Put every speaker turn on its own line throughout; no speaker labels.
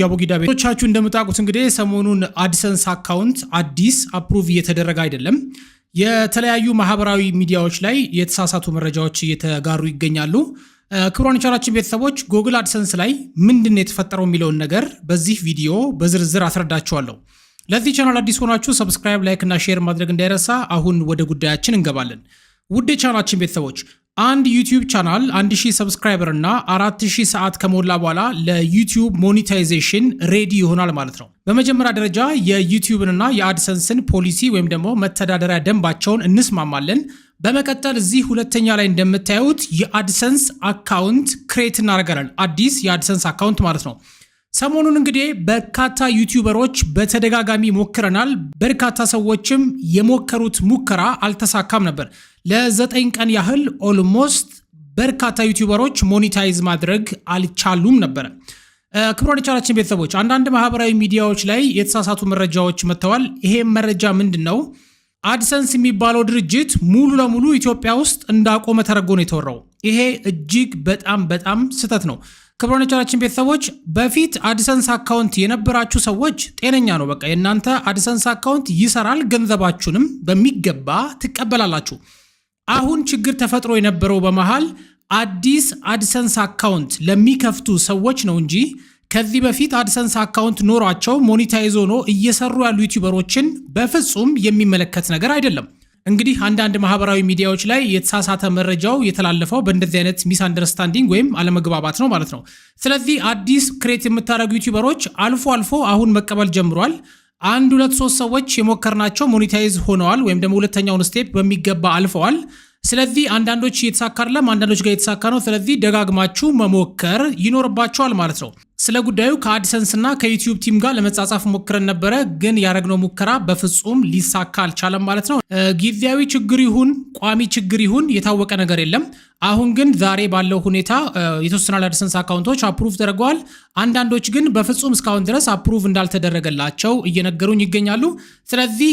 የአቦጊዳ ቤቶቻችሁ እንደምታውቁት እንግዲህ ሰሞኑን አድሰንስ አካውንት አዲስ አፕሩቭ እየተደረገ አይደለም። የተለያዩ ማህበራዊ ሚዲያዎች ላይ የተሳሳቱ መረጃዎች እየተጋሩ ይገኛሉ። ክቡራን ቻናላችን ቤተሰቦች ጎግል አድሰንስ ላይ ምንድን ነው የተፈጠረው የሚለውን ነገር በዚህ ቪዲዮ በዝርዝር አስረዳችኋለሁ። ለዚህ ቻናል አዲስ ሆናችሁ ሰብስክራይብ፣ ላይክ እና ሼር ማድረግ እንዳይረሳ። አሁን ወደ ጉዳያችን እንገባለን። ውድ የቻናላችን ቤተሰቦች አንድ ዩቲዩብ ቻናል 1000 ሰብስክራይበር እና 4000 ሰዓት ከሞላ በኋላ ለዩቲዩብ ሞኔታይዜሽን ሬዲ ይሆናል ማለት ነው። በመጀመሪያ ደረጃ የዩቲዩብንና የአድሰንስን ፖሊሲ ወይም ደግሞ መተዳደሪያ ደንባቸውን እንስማማለን። በመቀጠል እዚህ ሁለተኛ ላይ እንደምታዩት የአድሰንስ አካውንት ክሬት እናደርጋለን። አዲስ የአድሰንስ አካውንት ማለት ነው። ሰሞኑን እንግዲህ በርካታ ዩቲዩበሮች በተደጋጋሚ ሞክረናል፣ በርካታ ሰዎችም የሞከሩት ሙከራ አልተሳካም ነበር። ለዘጠኝ ቀን ያህል ኦልሞስት በርካታ ዩቲዩበሮች ሞኒታይዝ ማድረግ አልቻሉም ነበረ። ክብሮን የቻላችን ቤተሰቦች አንዳንድ ማህበራዊ ሚዲያዎች ላይ የተሳሳቱ መረጃዎች መጥተዋል። ይሄም መረጃ ምንድን ነው? አድሰንስ የሚባለው ድርጅት ሙሉ ለሙሉ ኢትዮጵያ ውስጥ እንዳቆመ ተደርጎ ነው የተወራው። ይሄ እጅግ በጣም በጣም ስህተት ነው። ክብሮነቻችን ቤተሰቦች በፊት አድሰንስ አካውንት የነበራችሁ ሰዎች ጤነኛ ነው። በቃ የእናንተ አድሰንስ አካውንት ይሰራል፣ ገንዘባችሁንም በሚገባ ትቀበላላችሁ። አሁን ችግር ተፈጥሮ የነበረው በመሃል አዲስ አድሰንስ አካውንት ለሚከፍቱ ሰዎች ነው እንጂ ከዚህ በፊት አድሰንስ አካውንት ኖሯቸው ሞኒታይዝ ሆኖ እየሰሩ ያሉ ዩቲዩበሮችን በፍጹም የሚመለከት ነገር አይደለም። እንግዲህ አንዳንድ ማህበራዊ ሚዲያዎች ላይ የተሳሳተ መረጃው የተላለፈው በእንደዚህ አይነት ሚስ አንደርስታንዲንግ ወይም አለመግባባት ነው ማለት ነው። ስለዚህ አዲስ ክሬት የምታደረጉ ዩቲዩበሮች አልፎ አልፎ አሁን መቀበል ጀምሯል። አንድ ሁለት ሶስት ሰዎች የሞከርናቸው ሞኔታይዝ ሆነዋል ወይም ደግሞ ሁለተኛውን ስቴፕ በሚገባ አልፈዋል። ስለዚህ አንዳንዶች እየተሳካ አይደለም፣ አንዳንዶች ጋር የተሳካ ነው። ስለዚህ ደጋግማችሁ መሞከር ይኖርባቸዋል ማለት ነው። ስለ ጉዳዩ ና ከዩቲዩብ ቲም ጋር ለመጻጻፍ ሞክረን ነበረ፣ ግን ያደረግነው ሙከራ በፍጹም ሊሳካ አልቻለም ማለት ነው። ጊዜያዊ ችግር ይሁን ቋሚ ችግር ይሁን የታወቀ ነገር የለም። አሁን ግን ዛሬ ባለው ሁኔታ የተወሰኑ አዲሰንስ አካውንቶች አፕሩቭ ተደርገዋል። አንዳንዶች ግን በፍጹም እስካሁን ድረስ አፕሩቭ እንዳልተደረገላቸው እየነገሩኝ ይገኛሉ። ስለዚህ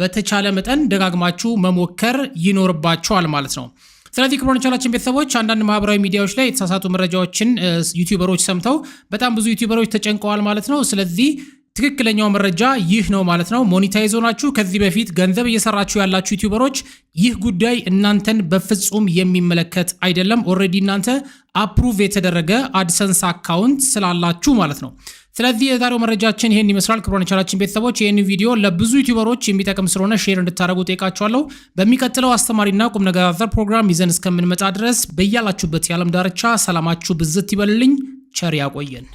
በተቻለ መጠን ደጋግማችሁ መሞከር ይኖርባቸዋል ማለት ነው። ስለዚህ ክብሮን ቻላችን ቤተሰቦች አንዳንድ ማህበራዊ ሚዲያዎች ላይ የተሳሳቱ መረጃዎችን ዩቲዩበሮች ሰምተው በጣም ብዙ ዩቲዩበሮች ተጨንቀዋል ማለት ነው። ስለዚህ ትክክለኛው መረጃ ይህ ነው ማለት ነው። ሞኒታይዝ ሆናችሁ ከዚህ በፊት ገንዘብ እየሰራችሁ ያላችሁ ዩቲዩበሮች ይህ ጉዳይ እናንተን በፍጹም የሚመለከት አይደለም። ኦልሬዲ እናንተ አፕሩቭ የተደረገ አድሰንስ አካውንት ስላላችሁ ማለት ነው። ስለዚህ የዛሬው መረጃችን ይህን ይመስላል። ክቡራን ቻናላችን ቤተሰቦች ይህን ቪዲዮ ለብዙ ዩቲዩበሮች የሚጠቅም ስለሆነ ሼር እንድታደረጉ ጠይቃችኋለሁ። በሚቀጥለው አስተማሪና ቁም ነገር አዘል ፕሮግራም ይዘን እስከምንመጣ ድረስ በያላችሁበት የዓለም ዳርቻ ሰላማችሁ ብዝት ይበልልኝ። ቸር ያቆየን።